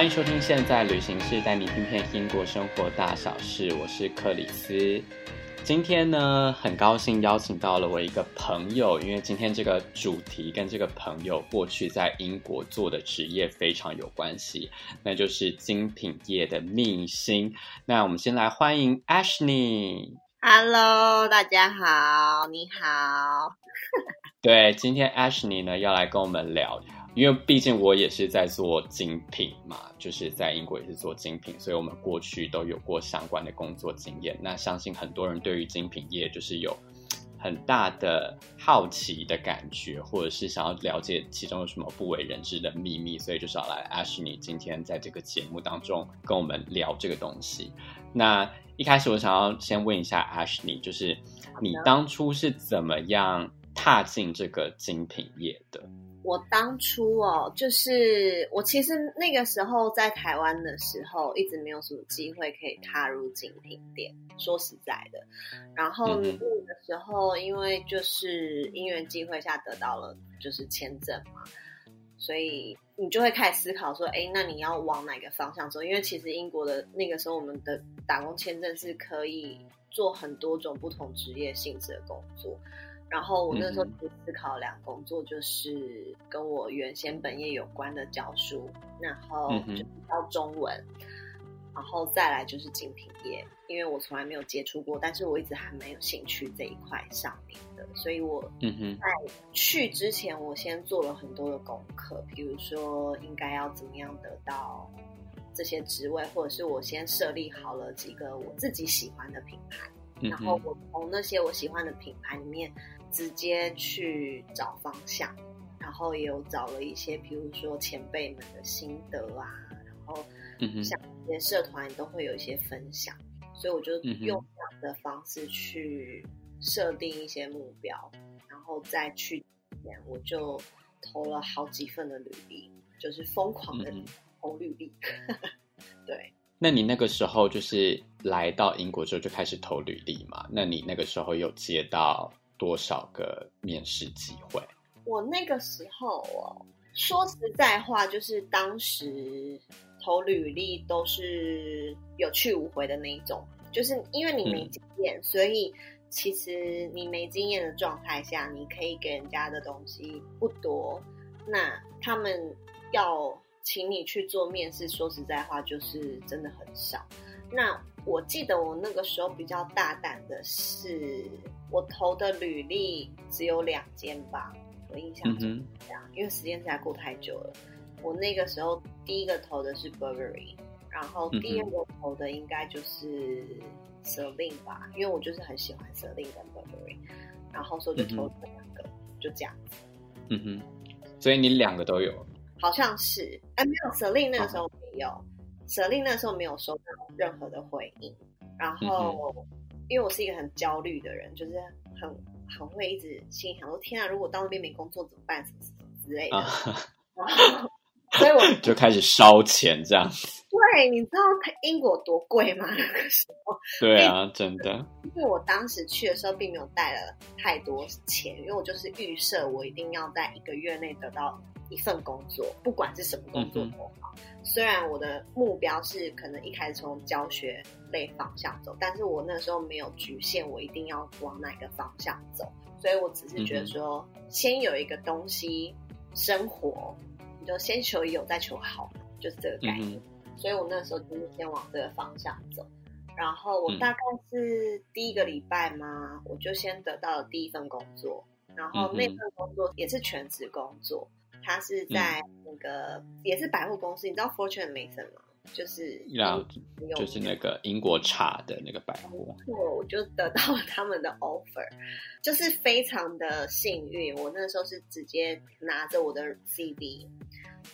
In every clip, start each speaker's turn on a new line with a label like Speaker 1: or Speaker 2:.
Speaker 1: 歡迎收聽《現在旅行師帶你聽遍英國生活大小事》，我是克里斯。今天呢，很高興邀請到了我一個朋友，因為今天這個主題跟這個朋友過去在英國做的職業非常有關係，那就是精品業的明星。那我們先來歡迎 Ashni。
Speaker 2: Hello，大家好，你好。
Speaker 1: 對，今天 Ashni 呢要來跟我們聊。因為畢竟我也是在做精品嘛，就是在英國也是做精品，所以我們過去都有過相關的工作經驗。那相信很多人對於精品業就是有很大的好奇的感覺，或者是想要了解其中有什麼不為人知的秘密，所以就是要來 Ashni 今天在這個節目當中跟我們聊這個東西。那一開始我想要先問一下 Ashni，就是你當初是怎麼樣踏進這個精品業的？
Speaker 2: 我當初哦，就是我其實那個時候在台灣的時候，一直沒有什麼機會可以踏入精品店。說實在的，然後你、嗯嗯、的時候，因為就是因緣際會下得到了就是簽證嘛，所以你就會開始思考說，誒，那你要往哪個方向走？因為其實英國的那個時候，我們的打工簽證是可以做很多種不同職業性質的工作。然後我那時候去思考兩個工作，就是跟我原先本業有關的教書，嗯、哼然後就教中文，嗯、哼然後再來就是精品業，因為我從來沒有接觸過，但是我一直還蠻有興趣這一塊上面的，所以我嗯在去之前，我先做了很多的功課，比如說應該要怎麼樣得到這些職位，或者是我先設立好了幾個我自己喜歡的品牌，嗯、哼然後我從那些我喜歡的品牌裡面。直接去找方向，然後也有找了一些，比如說前輩們的心得啊，然後像一些社團都會有一些分享，所以我就用這樣的方式去設定一些目標，然後再去，我就投了好幾份的履歷，就是瘋狂的投履歷。 對，
Speaker 1: 那你那個時候就是來到英國之後就開始投履歷嘛？那你那個時候有接到多少個面試機會？
Speaker 2: 我那個時候哦，說實在話，就是當時投履歷都是有去無回的那一種，就是因為你沒經驗，嗯，所以其實你沒經驗的狀態下，你可以給人家的東西不多，那他們要請你去做面試，說實在話，就是真的很少。那我記得我那個時候比較大膽的是。我投的履歷只有兩間吧，我印象
Speaker 1: 中這
Speaker 2: 樣，嗯、哼因為時間實在過太久了。我那個時候第一個投的是 Burberry，然後第二個投的應該就是 Celine 吧，因為我就是很喜歡 Celine 跟 Burberry，然後說就投了兩個，嗯、哼就這樣子。嗯
Speaker 1: 哼，所以你兩個都有？
Speaker 2: 好像是，哎，沒有 Celine 那個時候沒有 Celine 那時候沒有收到任何的回應，然後。嗯因為我是一個很焦慮的人，就是很很會一直心想說，天啊，如果到那邊沒工作，怎麼辦？什麼之類的。啊、
Speaker 1: 然後所以我就開始燒錢這樣。
Speaker 2: 對，你知道英國多貴嗎？那個
Speaker 1: 時候。對啊，就是，真的。
Speaker 2: 因為我當時去的時候並沒有帶了太多錢，因為我就是預設我一定要在一個月內得到。一份工作，不管是什麼工作都好，嗯、哼雖然我的目標是可能一開始從教學類方向走，但是我那時候沒有局限，我一定要往哪個方向走，所以我只是覺得說，先有一個東西生活，嗯、哼你就先求有，再求好，就是這個概念。嗯、哼所以我那時候就是先往這個方向走，然後我大概是第一個禮拜嘛，嗯、哼我就先得到了第一份工作，然後那份工作也是全職工作。他是在那個、嗯、也是百貨公司，你知道 Fortune Mason 嗎？就是，
Speaker 1: 就是那個英國茶的那個百貨。
Speaker 2: 對，我就得到他們的 offer，就是非常的幸運。我那時候是直接拿着我的 CV，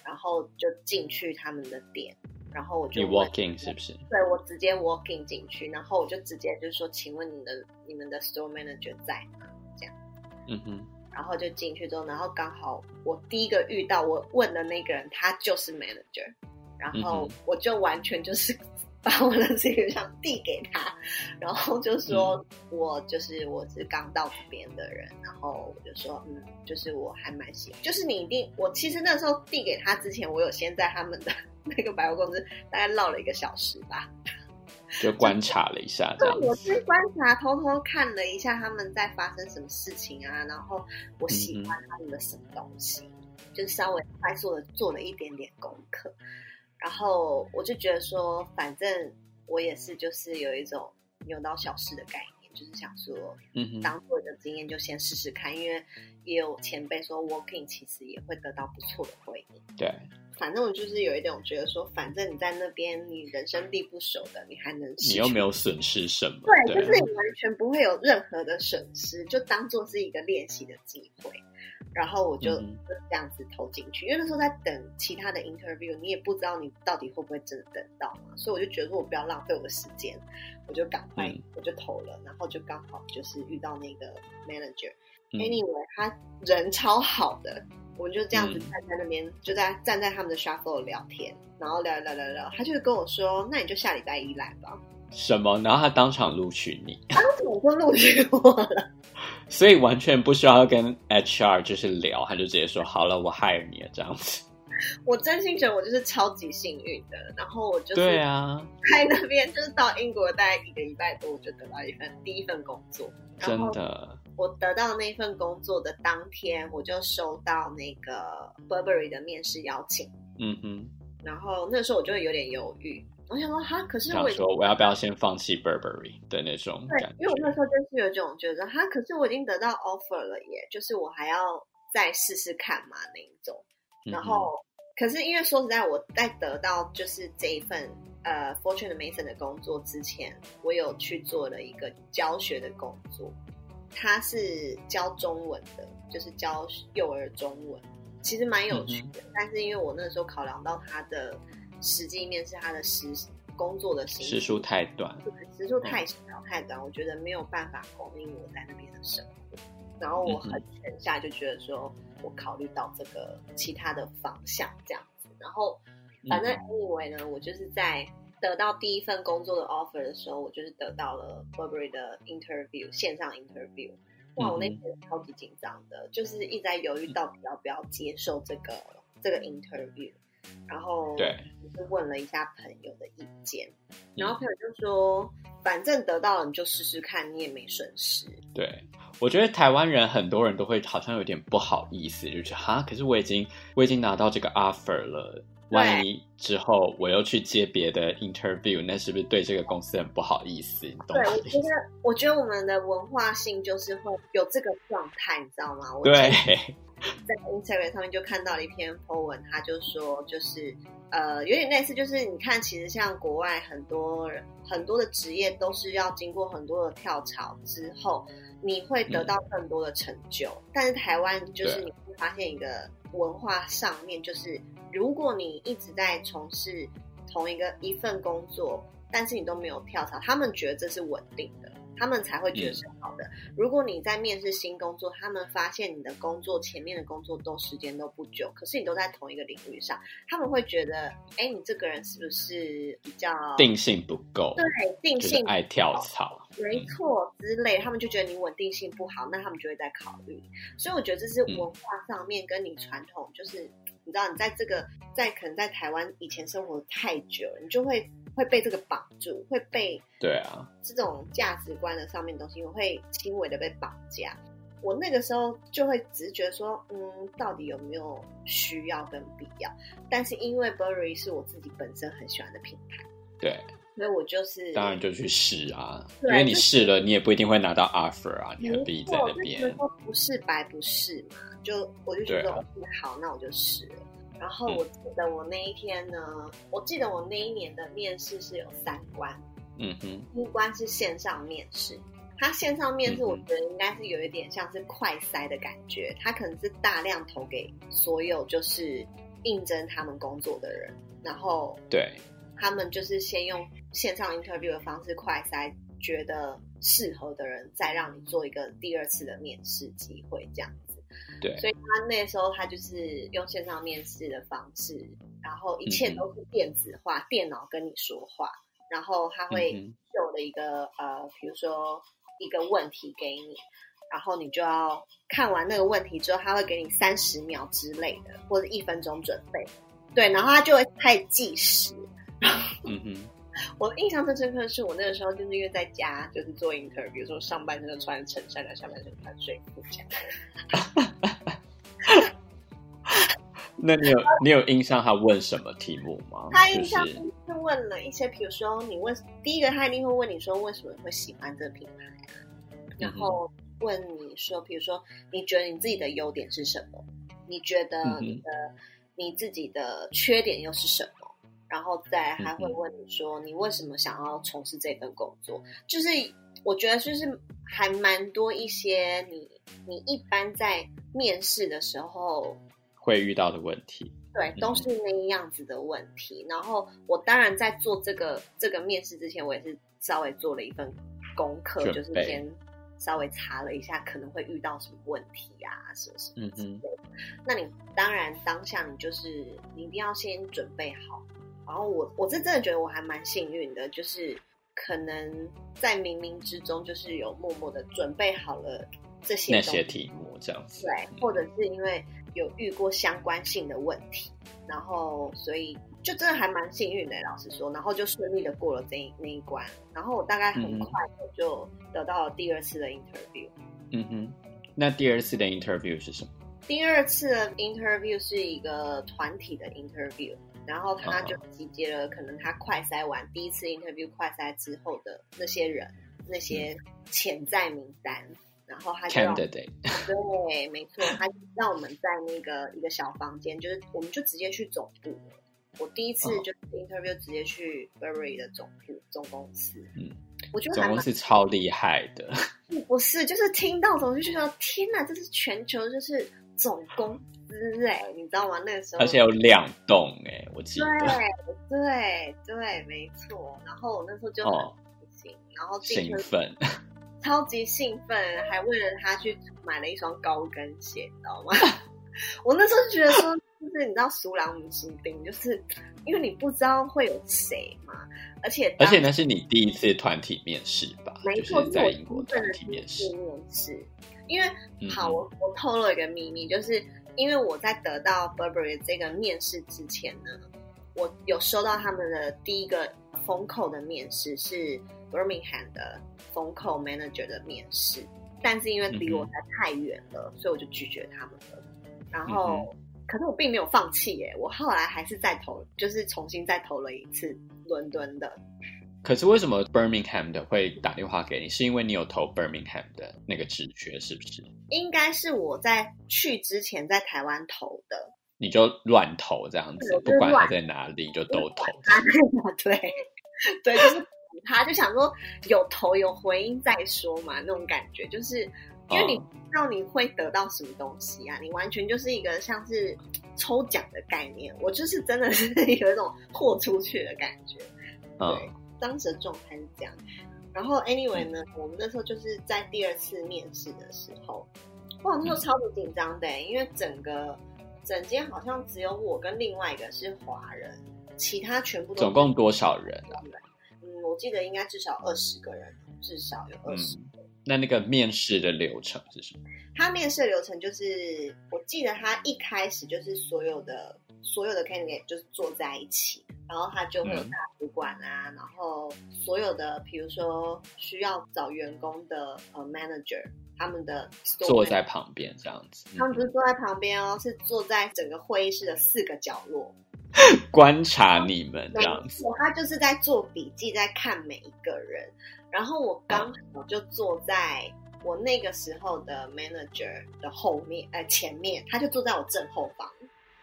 Speaker 2: 然後就進去他們的店，然後
Speaker 1: 我就，你 walking 是不是？
Speaker 2: 對，我直接 walking 進去，然後我就直接就說：“請問你的你們的 store manager 在嗎？”這樣。嗯哼。然後就進去之後，然後剛好我第一個遇到我問的那個人，他就是 manager，
Speaker 1: 然後
Speaker 2: 我就完全就是把我的這個簡歷遞給他，然後就說、嗯、我就是我是剛到這邊的人，然後我就說嗯，就是我還蠻喜歡，就是你一定我其實那時候遞給他之前，我有先在他們的那個百貨公司大概嘮了一個小時吧。
Speaker 1: 就觀察了一下，對，我
Speaker 2: 是觀察，偷偷看了一下他們在發生什麼事情啊，然後我喜歡他們的什麼東西，嗯嗯，就是稍微快速的做了一點點功課，然後我就覺得說，反正我也是就是有一種牛刀小試的概念，就是想說，嗯，當做的經驗就先試試看，因為也有前輩說，working 其實也會得到不錯的回應，對。反正我就是有一點，我覺得說，反正你在那邊，你人生地不熟的，你還能，你又沒
Speaker 1: 有損失什麼，對，對啊、就是你
Speaker 2: 完全不會有任何的損失，就當做是一個練習的機會。然後我就這樣子投進去，嗯、因為那時候在等其他的 interview，你也不知道你到底會不會真的等到嘛，所以我就覺得說我不要浪費我的時間，我就趕快我就投了，嗯、然後就剛好就是遇到那個 manager。a 你以為他人超好的，我們就這樣子站在那邊，嗯、就在站在他們的 shuffle 聊天，然後聊聊聊聊，他就會跟我說：“那你就下禮拜一來吧。”
Speaker 1: 什麼？然後他當場錄取你？
Speaker 2: 他、啊、怎麼會錄取我了，
Speaker 1: 所以完全不需要跟 HR 就是聊，他就直接說：“好了，我 hire 你了。”這樣子。
Speaker 2: 我真心覺得我就是超級幸運的，然後我就對啊，在那邊就是到英國待一個禮拜多，我就得到一份第一份工作。
Speaker 1: 真的，
Speaker 2: 我得到那份工作的當天，我就收到那個 Burberry 的面試邀請。嗯嗯。然後那個時候我就會有點猶豫，我想說哈，可是我說我
Speaker 1: 要不要先放棄 Burberry 的那種感覺。
Speaker 2: 對，因為我那時候就是有這種覺得哈，可是我已經得到 offer 了耶，就是我還要再試試看嘛那一種，然後。嗯嗯可是，因為說實在，我在得到就是這一份呃 Fortune Mason 的工作之前，我有去做了一個教學的工作，他是教中文的，就是教幼兒中文，其實蠻有趣的。嗯、哼但是，因為我那時候考量到他的實際面是他的時工作的時間，時數太短，時數太長太短，我覺得沒有辦法供應我在那邊的生活。然後我很沉下就覺得說，我考慮到這個其他的方向這樣子。然後反正我以為呢？我就是在得到第一份工作的 offer 的時候，我就是得到了 Burberry 的 interview，線上 interview。哇，我那天超級緊張的，就是一直在猶豫到底要不要接受這個這個 interview。然後，對，就是問了一下朋友的意見，對然後朋友就說，嗯、反正得到了你就試試看，你也沒損
Speaker 1: 失。對，我覺得台灣人很多人都會好像有點不好意思，就是哈，可是我已經我已經拿到這個 offer 了，對萬一之後我又去接別的 interview，那是不是對這個公司很不好意思？你懂嗎？對，我覺
Speaker 2: 得，我覺得我們的文化性就是會有這個狀態，你知道嗎？對。在 Instagram 上面就看到了一篇 Po 文，他就說，就是，呃，有點類似，就是你看，其實像國外很多人，很多的職業都是要經過很多的跳槽之後，你會得到更多的成就。嗯。但是台灣就是你會發現一個文化上面，就是如果你一直在從事同一個一份工作，但是你都沒有跳槽，他們覺得這是穩定的。他們才會覺得是好的。Yeah. 如果你在面試新工作，他們發現你的工作前面的工作都時間都不久，可是你都在同一個領域上，他們會覺得，哎，你這個人是不是比較定
Speaker 1: 性不夠？對，定性愛跳槽，
Speaker 2: 沒錯之類的，嗯、他們就覺得你穩定性不好，那他們就會在考慮。所以我覺得這是文化上面跟你傳統就是。嗯你知道，你在這個在可能在台灣以前生活太久了，你就會會被這個綁住，會被
Speaker 1: 對啊，
Speaker 2: 這種價值觀的上面的東西，我會輕微的被綁架。我那個時候就會直覺說，嗯，到底有沒有需要跟必要？但是因為 Burberry 是我自己本身很喜歡的品牌，對，所以我就是當然
Speaker 1: 就去試啊，嗯、對因為你試了，就是、你也不一定會拿到 offer 啊，你何必在那邊？那
Speaker 2: 不是白不是嘛。就我就覺得，好，對那我就試了。然後我記得我那一天呢，嗯、我記得我那一年的面試是有三關，嗯哼，初關是線上面試，它線上面試我覺得應該是有一點像是快篩的感覺，它、嗯、哼可能是大量投給所有就是應徵他們工作的人，然後對，他們就是先用線上 interview 的方式快篩，覺得適合的人，再讓你做一個第二次的面試機會，這樣子。對，所以他那時候他就是用線上面試的方式，然後一切都是電子化，嗯、哼電腦跟你說話，然後他會有的一個、嗯、哼呃，比如說一個問題給你，然後你就要看完那個問題之後，他會給你三十秒之類的或者一分鐘準備，對，然後他就會開始計時。嗯我的印象最深，深刻是我那個時候就是因為在家就是做 interview，比如說上半身的穿襯衫，然後下半身的穿，下半身的穿睡褲這
Speaker 1: 樣。那你有 你有印象他問什麼題目嗎？他印象
Speaker 2: 是問了一些，就是、比如說你問第一個，他一定會問你說為什麼會喜歡這個品牌，
Speaker 1: 然
Speaker 2: 後問你說，嗯嗯比如說你覺得你自己的優點是什麼？你覺得你的嗯嗯你自己的缺點又是什麼？然後再還會問你說你為什麼想要從事這份工作？就是我覺得就是還蠻多一些你你一般在面試的時候
Speaker 1: 會遇到的問題，
Speaker 2: 對，都是那樣子的問題。然後我當然在做這個這個面試之前，我也是稍微做了一份功課，就是先稍微查了一下可能會遇到什麼問題啊，什麼什麼之類的。那你當然當下你就是你一定要先準備好。然後我我是真的覺得我還蠻幸運的，就是可能在冥冥之中就是有默默的準備好了這些那些題目，這樣子，對，嗯、或者是因為有遇過相關性的問題，然後所以就真的還蠻幸運的，老實說，然後就順利的過了這一那一關，然後我大概很快我就得到了第二次的 interview，嗯
Speaker 1: 哼，那第二次的 interview 是什麼？
Speaker 2: 第二次的 interview 是一個團體的 interview。然後他就集結了，可能他快篩完、uh huh. 第一次 interview 快篩之後的那些人，嗯、那些潛在名單，然後他就對 id 對，沒錯，他就讓我們在那個 一個小房間，就是我們就直接去總部。我第一次就 interview 直接去 Burberry 的總部總公司。嗯，我覺得總公司
Speaker 1: 超厲害的。
Speaker 2: 不是，就是聽到總就覺得天哪，這是全球就是總公。之類，你知道嗎？那個時候，而且有
Speaker 1: 兩棟哎，我記得，
Speaker 2: 對對對，沒錯。然後我那時候就很興奮，然後興奮，超級興奮，還為了他去買了一雙高跟鞋，你知道嗎？我那時候就覺得說，就是你知道，輸人無輸陣，就是因為你不知道會有誰嘛。而且，而且那
Speaker 1: 是你第一次團體面試吧？就是在英
Speaker 2: 國的團體面試，是因為好，我我透露一個秘密，就是。因為我在得到 Burberry 這個面試之前呢，我有收到他們的第一個 p 口的面試，是 Birmingham 的 p 口 manager 的面試，但是因為離我太遠了，嗯、哼所以我就拒絕他們了。然後，可是我並沒有放棄耶、欸，我後來還是再投，就是重新再投了一次倫敦的。
Speaker 1: 可是為什麼 Birmingham 的會打電話給你？是因為你有投 Birmingham 的那個職缺，是不是？
Speaker 2: 應該是我在去之前在台灣投的。
Speaker 1: 你就亂投這樣子，不管他在哪裡就都投。
Speaker 2: 啊、嗎對對，就是他就想說有投有回音再說嘛，那種感覺就是，因為你不知道你會得到什麼東西啊，嗯、你完全就是一個像是抽獎的概念。我就是真的是有一種豁出去的感覺，對嗯。當時的狀態是這樣，然後 anyway 呢，嗯、我們那時候就是在第二次面試的時候，哇，那時候超級緊張的，嗯、因為整個整間好像只有我跟另外一個是華人，其他全部都他總共
Speaker 1: 多少人？啊。
Speaker 2: 嗯，我記得應該至少二十個人，至少有二
Speaker 1: 十個，嗯。那那個面試的流程是什麼？
Speaker 2: 他面試的流程就是，我記得他一開始就是所有的。所有的 candidate 就是坐在一起，然後他就會有大主管啊，嗯、然後所有的比如說需要找員工的呃、uh, manager，他們的 age，坐在
Speaker 1: 旁邊這樣子。
Speaker 2: 嗯、他們不是坐在旁邊哦，是坐在整個會議室的四個角落
Speaker 1: 觀察你們這樣
Speaker 2: 子。他就是在做筆記，在看每一個人。然後我剛好就坐在我那個時候的 manager 的後面，呃，前面，他就坐在我正後方。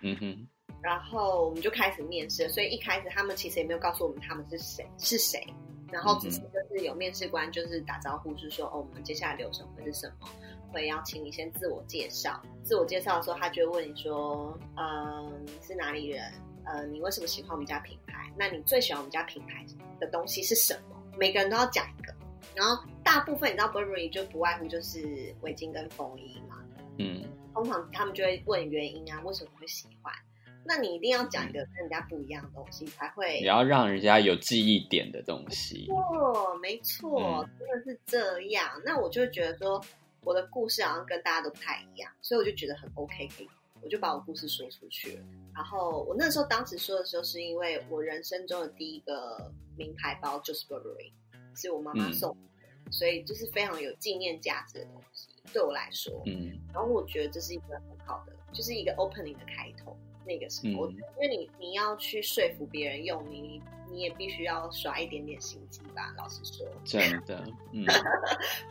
Speaker 2: 嗯哼。然後我們就開始面試，所以一開始他們其實也沒有告訴我們他們是誰是誰，然後只是就是有面試官就是打招呼，是說哦，我們接下來流程會是什麼，會邀請你先自我介紹。自我介紹的時候，他就會問你說，嗯、呃，你是哪裡人？呃，你為什麼喜歡我們家品牌？那你最喜歡我們家品牌的東西是什麼？每個人都要講一個。然後大部分你知道，Burberry 就不外乎就是圍巾跟風衣嘛。嗯，通常他們就會問原因啊，為什麼會喜歡？那你一定要講一個跟人家不一樣的東西，嗯、才會。你要
Speaker 1: 讓人家有記憶點的東西。
Speaker 2: 哦，沒錯，嗯、真的是這樣。那我就覺得說，我的故事好像跟大家都不太一樣，所以我就覺得很 OK，可我就把我故事說出去了。然後我那時候當時說的時候，是因為我人生中的第一個名牌包，就是 Burberry，、嗯、是我媽媽送的，所以就是非常有紀念價值的東西，對我來說。嗯。然後我覺得這是一個很好的，就是一個 opening 的開頭。那個時候。嗯、因為你你要去說服別人用你，你也必須要耍一點點心機吧？老實說，
Speaker 1: 真的，嗯，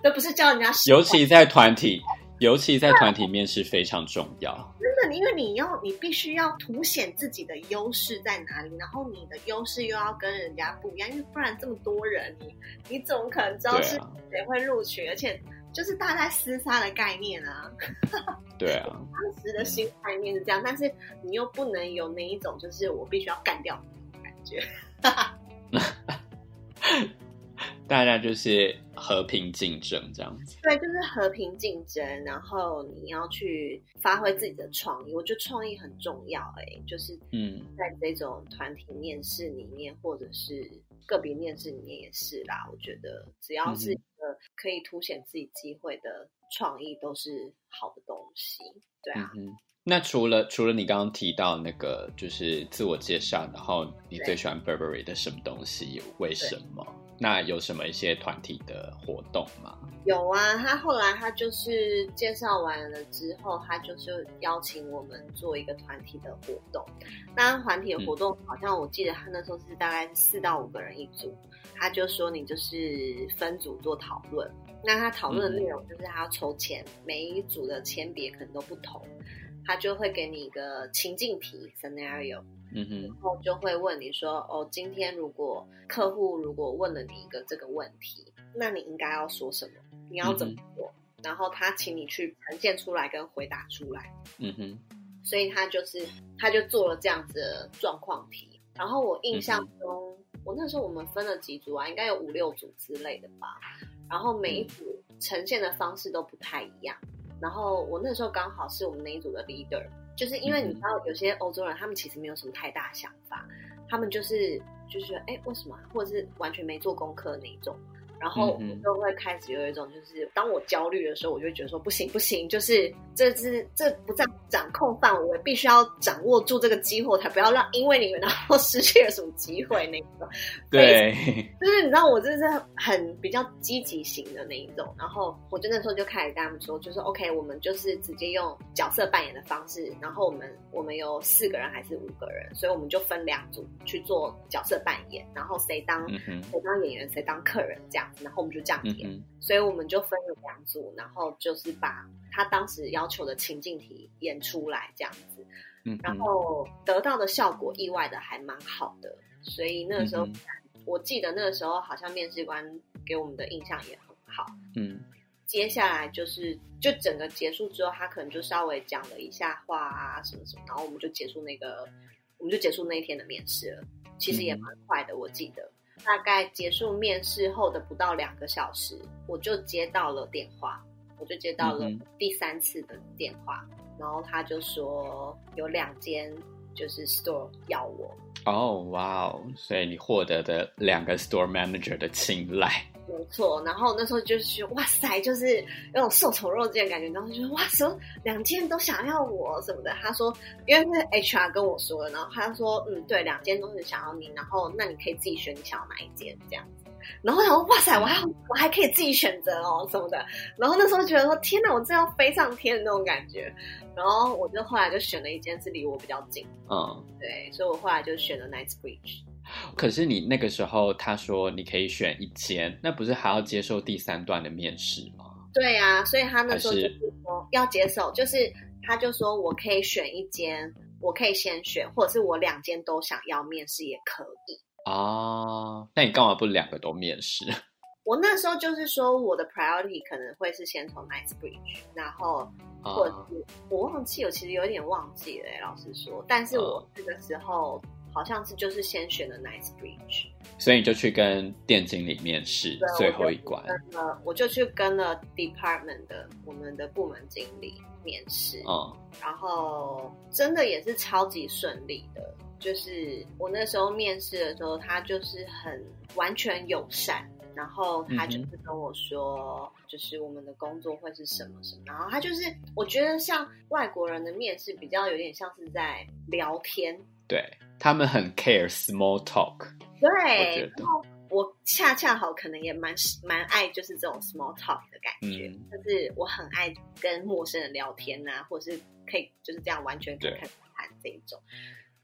Speaker 2: 這 不是教人家，尤其
Speaker 1: 在團體，尤其在團體面試非常重要，
Speaker 2: 啊。真的，因為你要，你必須要凸顯自己的優勢在哪裡，然後你的優勢又要跟人家不一樣，因為不然這麼多人，你你怎麼可能知道是誰會錄取？而且，啊。就是大家廝殺的概念啊，
Speaker 1: 對啊，
Speaker 2: 當時的心態念是這樣，但是你又不能有那一種就是我必須要幹掉那種感覺，
Speaker 1: 大家就是和平競爭這樣子。
Speaker 2: 對，就是和平競爭，然後你要去發揮自己的創意，我覺得創意很重要哎、欸，就是嗯，在這種團體面試裡面或者是。個別面試裡面也是啦，我覺得只要是一個可以凸顯自己機會的創意，都是好的東西，對啊。
Speaker 1: 嗯嗯，那除了除了你剛剛提到那個，就是自我介紹，然後你最喜歡 Burberry 的什麼東西？對為什麼？那有什麼一些團體的活動嗎？
Speaker 2: 有啊，他後來他就是介紹完了之後，他就是邀請我們做一個團體的活動。那團體的活動好像我記得他那時候是大概四到五個人一組，他就說你就是分組做討論。那他討論的內容就是他要抽籤，嗯、每一組的籤別可能都不同，他就會給你一個情境題 scenario。然後就會問你說：“哦，今天如果客戶如果問了你一個這個問題，那你應該要說什麼？你要怎麼做？嗯哼。然後他請你去呈現出來跟回答出來。”嗯哼，所以他就是他就做了這樣子的狀況題。然後我印象中，嗯哼。我那時候我們分了幾組啊，應該有五六組之類的吧。然後每一組呈現的方式都不太一樣。然後我那時候剛好是我們那一組的 leader。就是因為你知道，有些歐洲人、嗯、哼他們其實沒有什麼太大想法，他們就是就是說，哎、欸，為什麼、啊，或者是完全沒做功課那一種。然後我就會開始有一種，就是當我焦慮的時候，我就覺得說，不行不行，就是這是，這不在掌控範圍，必須要掌握住這個機會，才不要讓因為你們然後失去了什麼機會那種。
Speaker 1: 對，
Speaker 2: 就是你知道我這是很比較積極型的那一種。然後我就那時候就開始跟他們說，就是 OK，我們就是直接用角色扮演的方式，然後我們我們有四個人還是五個人，所以我們就分兩組去做角色扮演，然後誰當誰當演員，誰當客人這樣。然後我們就這樣填，嗯嗯，所以我們就分了兩組，然後就是把他當時要求的情境題演出來這樣子，嗯，嗯，然後得到的效果意外的還蠻好的，所以那個時候嗯嗯，我記得那個時候好像面試官給我們的印象也很好，嗯，接下來就是就整個結束之後，他可能就稍微講了一下話啊什麼什麼，然後我們就結束那個，我們就結束那一天的面試了，其實也蠻快的，嗯，我記得。大概結束面試後的不到兩個小時，我就接到了電話，我就接到了第三次的電話，嗯嗯然後他就說有兩間就是 store 要我。
Speaker 1: 哦，哇哦，所以你獲得的兩個 store manager 的青睞。
Speaker 2: 不錯，然後那時候就是說，哇塞，就是那種受寵若驚的感覺。然後就是哇塞，什麼兩件都想要我什麼的。他說，因為 HR 跟我說了，然後他說，嗯，對，兩件都是想要你。然後那你可以自己選你想要哪一件這樣子。然後然後，哇塞，我還我還可以自己選擇哦什麼的。然後那時候覺得說，天哪，我真要飛上天的那種感覺。然後我就後來就選了一件是離我比較近。嗯、哦，對，所以我後來就選了 Knightsbridge。
Speaker 1: 可是你那個時候，他說你可以選一間，那不是還要接受第三段的面試
Speaker 2: 嗎？對啊，所以他那時候就是說要接受，是就是他就說我可以選一間，我可以先選，或者是我兩間都想要面試也可以。
Speaker 1: 哦，那你幹嘛不兩個都面試？
Speaker 2: 我那時候就是說，我的 priority 可能會是先從 Knightsbridge，然後
Speaker 1: 或
Speaker 2: 者是我，、嗯、我忘記，我其實有點忘記了，老實說，但是我這個時候、嗯。好像是就是先選了 Knightsbridge，
Speaker 1: 所以你就去跟店經理面試？對最後一關
Speaker 2: 我。我就去跟了 Department 的我們的部門經理面試。哦。然後真的也是超級順利的，就是我那時候面試的時候，他就是很完全友善，然後他就是跟我說，嗯、哼就是我們的工作會是什麼什麼，然後他就是我覺得像外國人的面試比較有點像是在聊天。
Speaker 1: 對他們很 care small talk，
Speaker 2: 對，然後我恰恰好可能也蠻蠻愛就是這種 small talk 的感覺，嗯、就是我很愛跟陌生人聊天吶、啊，或者是可以就是這樣完全跟他談這一種，對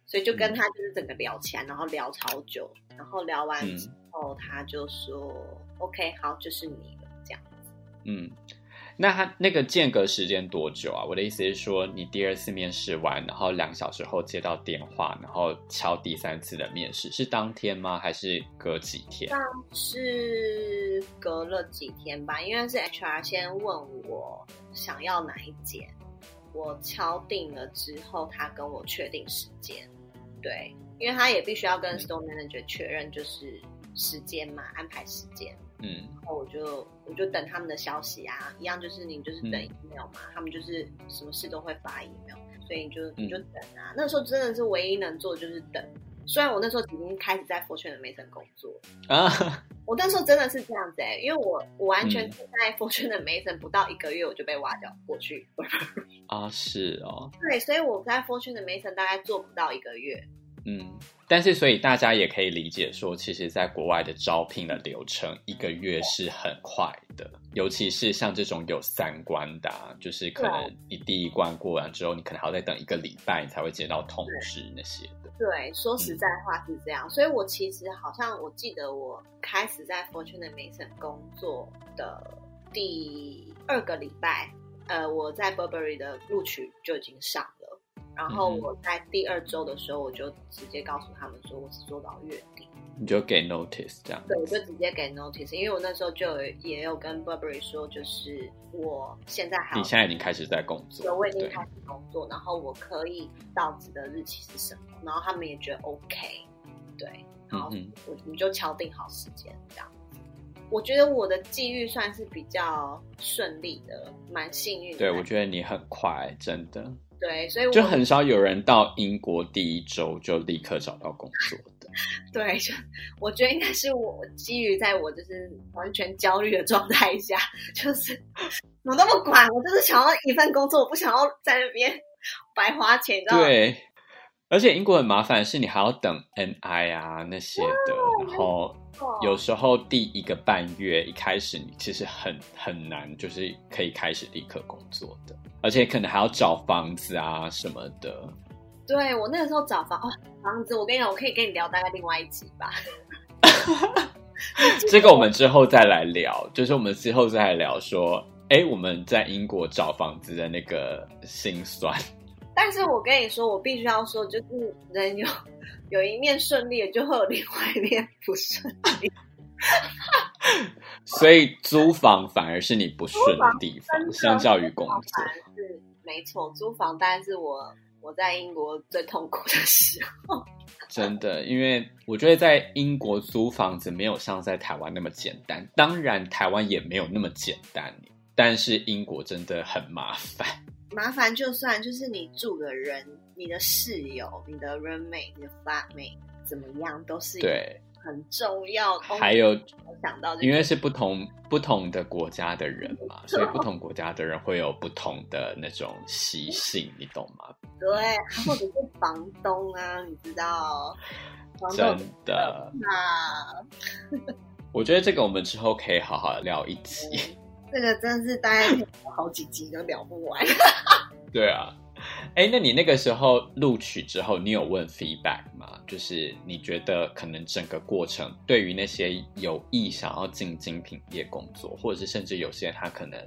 Speaker 2: 所以就跟他就是整個聊起來，嗯、然後聊超久，然後聊完之後他就說、嗯、OK，好，就是你了，這樣，
Speaker 1: 嗯。那他那個間隔時間多久啊？我的意思是說，你第二次面試完，然後兩小時後接到電話，然後敲第三次的面試是當天嗎？還是隔幾天？
Speaker 2: 是隔了幾天吧，因為是 HR 先問我想要哪一間，我敲定了之後，他跟我確定時間。對，因為他也必須要跟 Store Manager 確認，就是時間嘛，安排時間。嗯，然後我就我就等他們的消息啊，一樣就是你就是等 email 嘛，嗯、他們就是什麼事都會發 email，所以你就你就等啊。嗯、那時候真的是唯一能做就是等，雖然我那時候已經開始在 Fortune 的 Mason 工作
Speaker 1: 啊，
Speaker 2: 我那時候真的是這樣子哎，欸，因為我我完全在 Fortune 的 Mason 不到一個月我就被挖角過去，
Speaker 1: 嗯、 啊是
Speaker 2: 哦，對，所以我在 Fortune 的 Mason 大概做不到一個月。
Speaker 1: 嗯，但是所以大家也可以理解說，其實在國外的招聘的流程一個月是很快的，對尤其是像這種有三關的，啊，就是可能你第一關過完之後，對你可能還要再等一個禮拜你才會接到通知那些。
Speaker 2: 對，說實在話是這樣，嗯，所以我其實好像我記得我開始在 Fortnum & Mason 工作的第二個禮拜，呃，我在 Burberry 的錄取就已經上了。然後我在第二周的時候，我就直接告訴他們說，我是做到月底，
Speaker 1: 你就給 notice 這樣子。對，我
Speaker 2: 就直接給 notice，因為我那時候就也有跟 Burberry 說，就是我現在還，你現在已
Speaker 1: 經開始在工作，我已經
Speaker 2: 開始工作，對然後我可以到職的日期是什麼，然後他們也覺得 OK，對，然後我你就,就敲定好時間嗯嗯這樣。我覺得我的際遇算是比較順利的，蠻幸運的。對，
Speaker 1: 說我覺得你很快，真的。
Speaker 2: 對，所以我就很
Speaker 1: 少有人到英國第一周就立刻找到工作的。
Speaker 2: 對，就我覺得應該是我基於在我就是完全焦慮的狀態下，就是我都不管，我就是想要一份工作，我不想要在那邊白花錢。對，
Speaker 1: 而且英國很麻煩，是你還要等 NI 啊那些的，哇然後哇有時候第一個半月一開始，你其實很很難，就是可以開始立刻工作的。而且可能還要找房子啊什麼的。
Speaker 2: 對，我那個時候找房哦，房子，我跟你講，我可以跟你聊大概另外一集吧。
Speaker 1: 這個我們之後再來聊，就是我們之後再來聊說，哎、欸，我們在英國找房子的那個心酸。
Speaker 2: 但是我跟你說，我必須要說，就是人有有一面順利，就會有另外一面不順利。
Speaker 1: 所以租房反而是你不順的地方，相較於工作。是，
Speaker 2: 沒錯。租房，當然是我我在英國最痛苦的時候，
Speaker 1: 真的，因為我覺得在英國租房子沒有像在台灣那麼簡單。當然，台灣也沒有那麼簡單，但是英國真的很麻煩。
Speaker 2: 麻煩就算，就是你住的人、你的室友、你的 roommate、你的 flatmate 怎麼樣，都是對。很重要，還有想到、就是，因為是
Speaker 1: 不同不同的國家的人嘛， 所以不同國家的人會有不同的那種習性， 你懂嗎？對，
Speaker 2: 或者是房東啊， 你知道？房東有有啊、真的那
Speaker 1: 我覺得這個我們之後可以好好聊一集。嗯、
Speaker 2: 這個真是大概有好幾集都聊不完。
Speaker 1: 對啊。哎、欸，那你那個時候錄取之後，你有問 feedback 嗎？就是你覺得可能整個過程對於那些有意想要進精品業工作，或者是甚至有些人他可能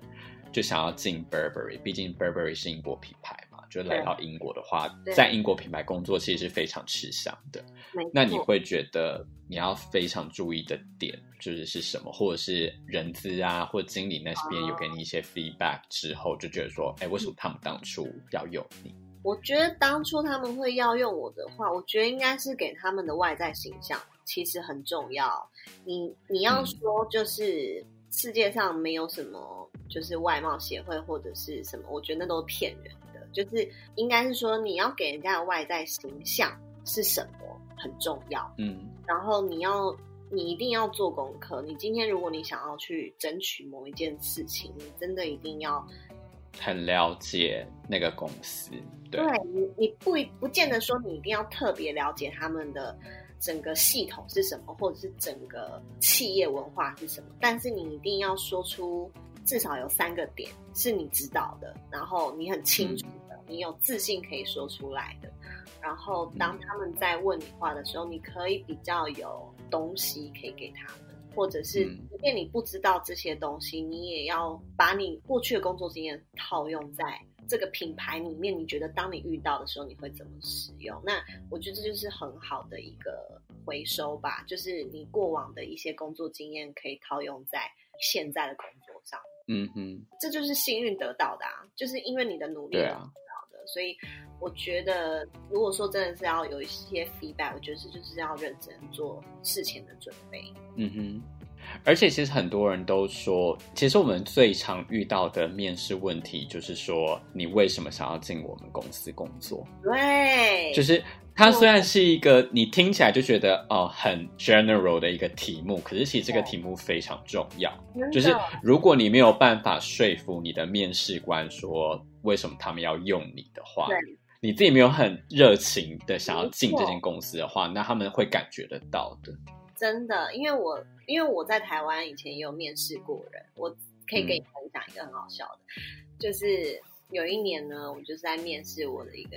Speaker 1: 就想要進 Burberry，畢竟 Burberry 是英國品牌嘛，就來到英國的話，對在英國品牌工作其實是非常吃香的。對那你會覺得你要非常注意的點就是是什麼？或者是人資啊，或經理那邊有給你一些 feedback 之後，就覺得說，哎、欸，為什麼他們當初要用你？
Speaker 2: 我覺得當初他們會要用我的話，我覺得應該是給他們的外在形象其實很重要。你你要說就是世界上沒有什麼就是外貌協會或者是什麼，我覺得那都是騙人的。就是應該是說你要給人家的外在形象是什麼很重要。嗯，然後你要你一定要做功課。你今天如果你想要去爭取某一件事情，你真的一定要。
Speaker 1: 很了解那個公司，對，你，
Speaker 2: 你不，不見得說你一定要特別了解他們的整個系統是什麼，或者是整個企業文化是什麼，但是你一定要說出至少有三個點是你知道的，然後你很清楚的，嗯、你有自信可以說出來的，然後當他們在問你話的時候，你可以比較有東西可以給他們。或者是即便你不知道這些東西，嗯，你也要把你過去的工作經驗套用在這個品牌裡面。你覺得當你遇到的時候，你會怎麼使用？那我覺得這就是很好的一個回收吧，就是你過往的一些工作經驗可以套用在現在的工作上。嗯嗯哼，這就是幸運得到的啊，就是因為你的努力啊。對啊。所以我覺得，如果說真的是要有一些 feedback，我覺得是就是要認真做事前的準備。
Speaker 1: 嗯哼，而且其實很多人都說，其實我們最常遇到的面試問題就是說，你為什麼想要進我們公司工作？
Speaker 2: 對，就
Speaker 1: 是。它雖然是一個你聽起來就覺得哦很 general 的一個題目，可是其實這個題目非常重要。就是如果你沒有辦法說服你的面試官說為什麼他們要用你的話，對你自己沒有很熱情的想要進這間公司的話，那他們會感覺得到的。
Speaker 2: 真的，因為我因為我在台灣以前也有面試過人，我可以給你分享一個很好笑的，嗯、就是。有一年呢，我就是在面試我的一個，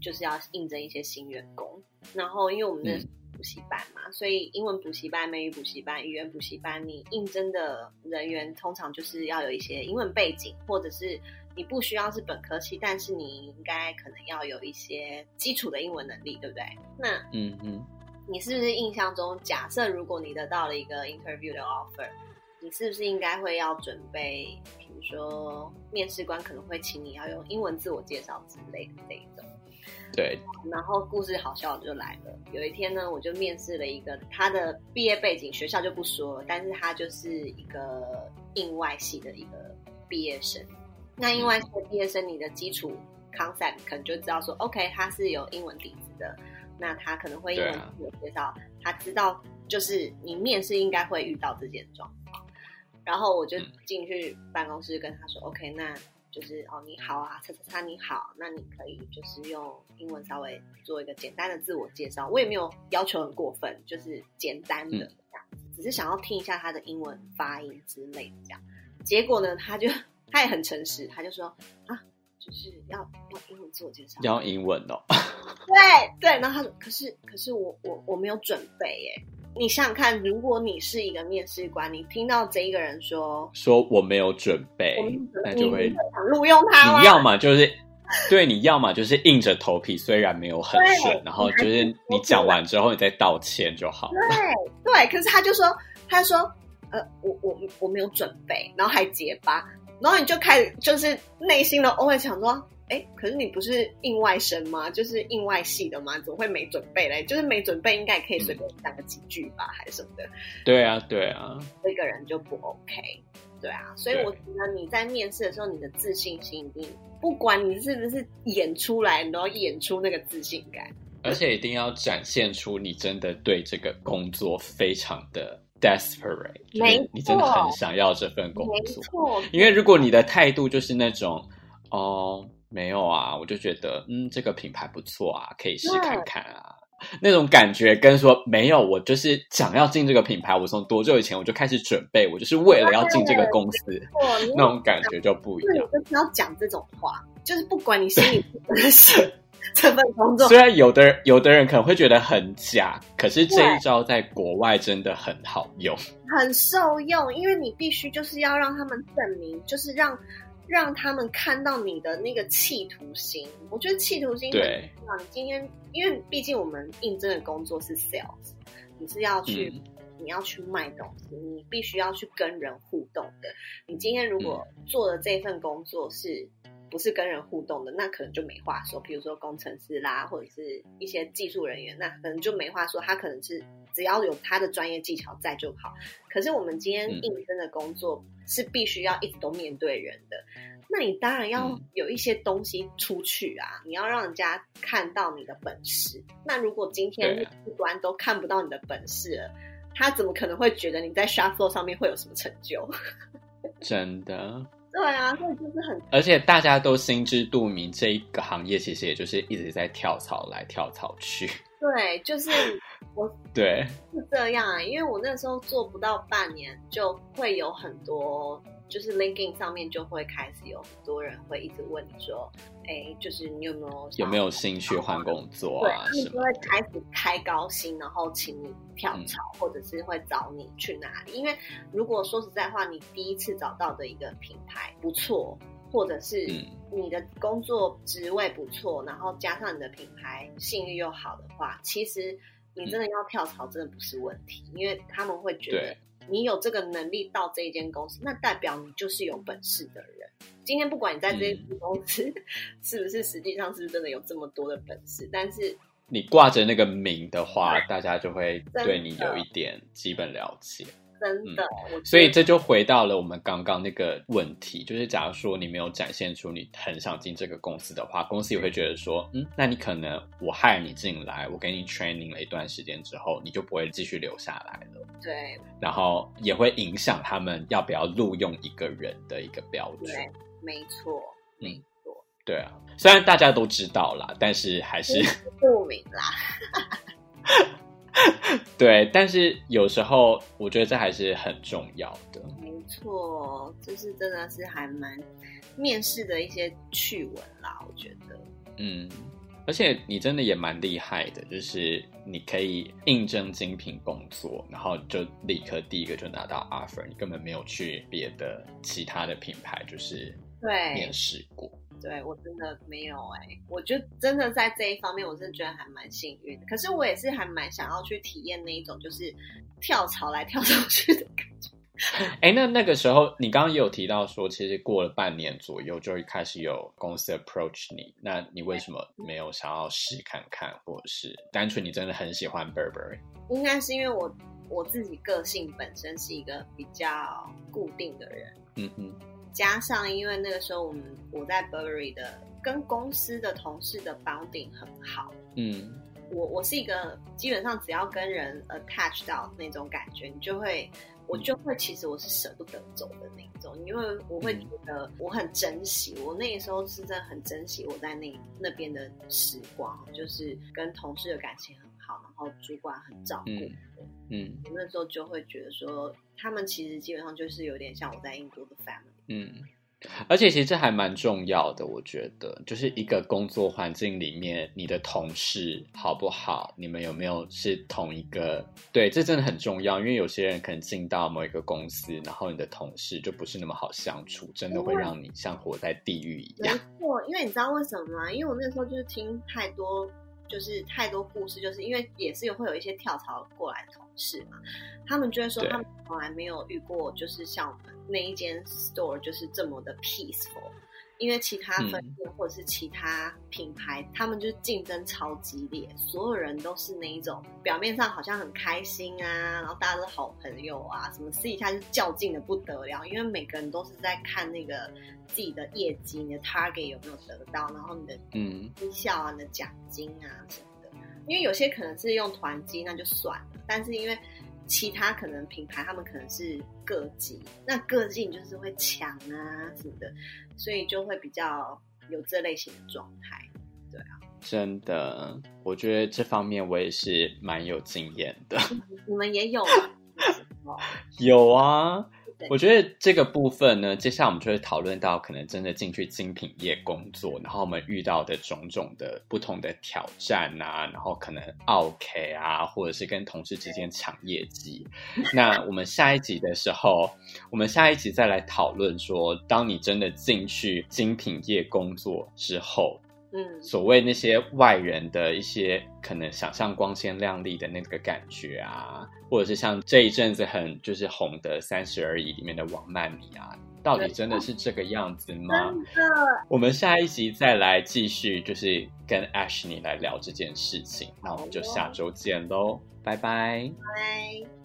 Speaker 2: 就是要應徵一些新員工。然後因為我們的補習班嘛，嗯、所以英文補習班、美語補習班、語言補習班，你應徵的人員通常就是要有一些英文背景，或者是你不需要是本科系，但是你應該可能要有一些基礎的英文能力，對不對？那嗯嗯，你是不是印象中，假設如果你得到了一個 interview 的 offer，你是不是應該會要準備？說面試官可能會請你要用英文自我介紹之類的這一種。對、啊，然後故事好笑就來了。有一天呢，我就面試了一個，他的畢業背景學校就不說了，但是他就是一個應外系的一個畢業生。那應外系畢業生，你的基礎、嗯、concept 可能就知道說，OK，他是有英文底子的。那他可能會英文自我介紹，啊、他知道就是你面試應該會遇到這件狀況。然後我就進去辦公室跟他說、嗯、：“OK，那就是哦，你好啊，擦擦擦，你好，那你可以就是用英文稍微做一個簡單的自我介紹。我也沒有要求很過分，就是簡單的、嗯、這樣，只是想要聽一下他的英文發音之類的這樣。結果呢，他就他也很誠實，他就說啊，就是要用英文自我介紹，要用英文哦。 對對，然後他說，可是可是我我我沒有準備耶。你想想看，如果你是一個面試官，你聽到這一個人說
Speaker 1: 說我沒有準備，準備，那就會想
Speaker 2: 錄用他嗎？你要麼
Speaker 1: 就是 對，你要麼就是硬着頭皮，雖然沒有很順，然後就是你講完之後你再道歉就好
Speaker 2: 了。對對，可是他就說，他說呃，我我我沒有準備，然後還結巴，然後你就開始就是內心的 OS 想說。哎，可是你不是應外生嗎？就是應外系的嗎？怎麼會沒準備嘞？就是沒準備，應該也可以隨便講個幾句吧，嗯、還是什麼的？
Speaker 1: 對啊，對啊，這
Speaker 2: 個人就不 OK。對啊，所以我覺得你在面試的時候，你的自信心一定，對不管你是不是演出來，你都要演出那個自信感，
Speaker 1: 而且一定要展現出你真的對這個工作非常的 desperate，錯你真的很想要這份工
Speaker 2: 作。沒錯，因
Speaker 1: 為如果你的態度就是那種哦。呃沒有啊，我就覺得，嗯，這個品牌不錯啊，可以試，試看看啊。那，那種感覺跟說沒有，我就是想要進這個品牌，我從多久以前我就開始準備，我就是為了要進這個公司，那種感覺就不一樣。有就
Speaker 2: 是要講這種話，就是不管你心裡是不是這份工作，雖然有
Speaker 1: 的有的人可能會覺得很假，可是這一招在國外真的很好用，
Speaker 2: 很受用，因為你必須就是要讓他們證明，就是讓。讓他們看到你的那個企圖心，我覺得企圖心很重要。對你今天，因為畢竟我們應徵的工作是 sales，你是要去，嗯、你要去賣東西，你必須要去跟人互動的。你今天如果做的這份工作是。不是跟人互動的，那可能就沒話說。比如說工程師啦，或者是一些技術人員，那可能就沒話說。他可能是只要有他的專業技巧在就好。可是我們今天應徵的工作是必須要一直都面對人的，嗯、那你當然要有一些東西出去啊，嗯、你要讓人家看到你的本事。那如果今天一端都看不到你的本事了，他怎麼可能會覺得你在 shop floor 上面會有什麼成就？
Speaker 1: 真的。
Speaker 2: 對啊，所以就是
Speaker 1: 很，而且大家都心知肚明，這一個行業其實也就是一直在跳槽來跳槽去。
Speaker 2: 對，就是我 對，是這樣啊，因為我那時候做不到半年，就會有很多。就是 LinkedIn 上面就會開始有很多人會一直問你說：“哎、欸，就是你有沒有
Speaker 1: 有沒有興趣換工作啊？對嗎你就
Speaker 2: 會開始開高薪，然後請你跳槽，嗯、或者是會找你去哪裡？因為如果說實在話，你第一次找到的一個品牌不錯，或者是你的工作職位不錯，然後加上你的品牌信譽又好的話，其實你真的要跳槽真的不是問題，嗯、因為他們會覺得。”你有這個能力到這一間公司，那代表你就是有本事的人。今天不管你在這一間公司、嗯、 是不是實際上是不是真的有這麼多的本事，但是
Speaker 1: 你掛着那個名的話，嗯、大家就會對你有一點基本了解。
Speaker 2: 真的，嗯、所以
Speaker 1: 這就回到了我們剛剛那個問題，就是假如說你沒有展現出你很想進這個公司的話，公司也會覺得說，嗯，那你可能我害你進來，我給你 training 了一段時間之後，你就不會繼續留下來
Speaker 2: 了。對，
Speaker 1: 然後也會影響他們要不要錄用一個人的一個標準。
Speaker 2: Yeah,
Speaker 1: 沒錯，沒錯、嗯，對啊，雖然大家都知道啦，但是還是
Speaker 2: 不明啦。
Speaker 1: 對，但是有時候我覺得這還是很重要的。
Speaker 2: 沒錯，就是真的是還蠻面試的一些趣聞啦，我覺得。嗯，
Speaker 1: 而且你真的也蠻厲害的，就是你可以應徵精品工作，然後就立刻第一個就拿到 offer，你根本沒有去別的其他的品牌，就是對面試過。
Speaker 2: 對，我真的沒有哎、欸，我就真的在這一方面，我真的覺得還蠻幸運。可是我也是還蠻想要去體驗那一種，就是跳槽來跳槽去的感
Speaker 1: 覺。哎、欸，那那個時候你剛剛也有提到說，其實過了半年左右就會開始有公司 approach 你，那你為什麼沒有想要試看看，對或者是單純你真的很喜歡 Burberry？
Speaker 2: 應該是因為我我自己個性本身是一個比較固定的人，嗯哼、嗯。加上，因為那個時候我們我在 Burberry 的跟公司的同事的 bonding 很好，嗯，我我是一個基本上只要跟人 attach 到那種感覺，你就會我就會其實我是捨不得走的那一種，因為我會覺得我很珍惜，嗯、我那時候是在很珍惜我在那那邊的時光，就是跟同事的感情很好，然後主管很照
Speaker 1: 顧，
Speaker 2: 嗯，嗯那時候就會覺得說，他們其實基本上就是有點像我在印度的
Speaker 1: family。嗯，而且其實這還蠻重要的，我覺得，就是一個工作環境裡面，你的同事好不好，你們有沒有是同一個，嗯、對，這真的很重要。因為有些人可能進到某一個公司，嗯、然後你的同事就不是那麼好相處，真的會讓你像活在地獄一樣。嗯、沒
Speaker 2: 錯，因為你知道為什麼嗎？因為我那時候就是聽太多。就是太多故事，就是因為也是有會有一些跳槽過來的同事嘛，他們就會說，他們從來沒有遇過，就是像我們那一間 store 就是這麼的 peaceful。因為其他分店或者是其他品牌，嗯、他們就是競爭超激烈，所有人都是那一種表面上好像很開心啊，然後大家都是好朋友啊，什麼私底下就較勁的不得了，因為每個人都是在看那個自己的業績、你的 target 有沒有得到，然後你的嗯績效啊、嗯、你的獎金啊什麼的，因為有些可能是用團績那就算了，但是因為。其他可能品牌，他們可能是個性，那個性就是會搶啊、什麼的，所以就會比較有這類型的狀態。
Speaker 1: 對啊，真的，我覺得這方面我也是蠻有經驗的。你，
Speaker 2: 你們也有
Speaker 1: 嗎？有啊。我覺得這個部分呢，接下來我們就會討論到可能真的進去精品業工作，然後我們遇到的種種的不同的挑戰吶、啊，然後可能 OK 啊，或者是跟同事之間搶業績。對那我們下一集的時候， 我們下一集再來討論說，當你真的進去精品業工作之後。嗯，所謂那些外人的一些可能想象光鮮亮麗的那個感覺啊，或者是像這一陣子很就是紅的《三十而已》裡面的王曼妮啊，到底真的是這個樣子嗎？真的。
Speaker 2: 真的
Speaker 1: 我們下一集再來繼續，就是跟 Ashni 來聊這件事情。那我們就下周見嘍，好的。拜拜，拜
Speaker 2: 拜。